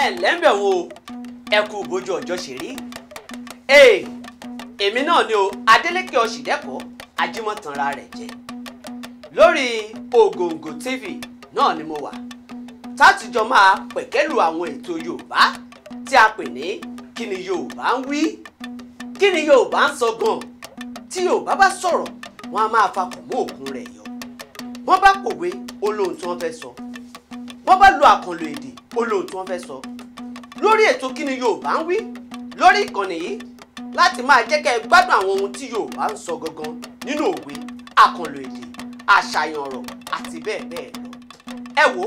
ẹ lẹ́mbẹ̀ wo ẹ kú bójú ọjọ́ ṣe rí ee èmi náà ni o Adeleke Ọ̀ṣìndẹ́kọ̀ ajímọ̀tanra rẹ̀ jẹ́ lórí Ògòǹgò TV náà ni mo wà tátìjọ máa pẹ̀kẹ́lù àwọn ètò Yorùbá tí a pè ní kí ni Yorùbá ń wí kí ni Yorùbá ń sọ gan tí Yorùbá bá sọ̀rọ̀ wọn a máa fakùn mú òkun rẹ̀ yọ wọ́n bá pòwe olóhùn tí wọ́n fẹ́ sọ. So wọ́n bá lo àkànlò èdè olóòtú wọn fẹ́ sọ lórí ètò kíni Yorùbá ń wí lórí ìkànnì yìí láti máa jẹ́ kẹ́ ẹ gbádùn àwọn ohun tí Yorùbá ń sọ gangan nínú òwe àkànlò èdè àṣàyàn ọ̀rọ̀ àti bẹ́ẹ̀ bẹ́ẹ̀ lọ. ẹ wo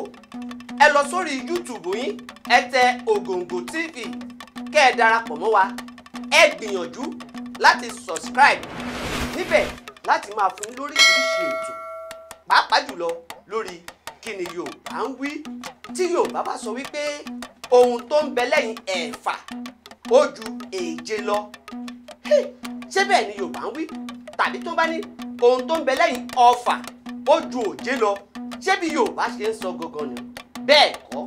ẹ lọ sórí YouTube yín ẹ tẹ Ògòǹgò TV kẹ́ ẹ darapọ̀ mọ́ wa ẹ gbìyànjú láti subscribe níbẹ̀ láti máa fún lórí ìrísí ètò pàápàá jùlọ lórí kí ni yorùbá ń wí tí yorùbá bá sọ wípé ohun tó ń bẹ lẹ́yìn ẹ̀fà ó ju èje lọ ṣé bẹ́ẹ̀ ni yorùbá ń wí tàbí tó bá ní ohun tó ń bẹ lẹ́yìn ọfà ó ju òjé lọ ṣé bí yorùbá ṣe ń sọ gangan ni bẹ́ẹ̀ kọ́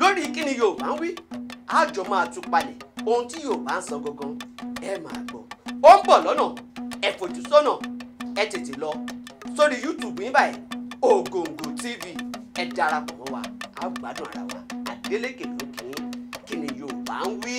lórí kí ni yorùbá ń wí a jọ máa tú palẹ̀ ohun tí yorùbá ń sọ gangan ẹ máa gbọ́ ó ń bọ̀ lọ́nà ẹ sọ́nà ẹ tètè lọ sórí youtube yín báyìí Ògòǹgò TV ẹ darapọ̀ mọ́ wa a gbádùn ara wa Adeleke ló kí kí ni Yorùbá ń wí.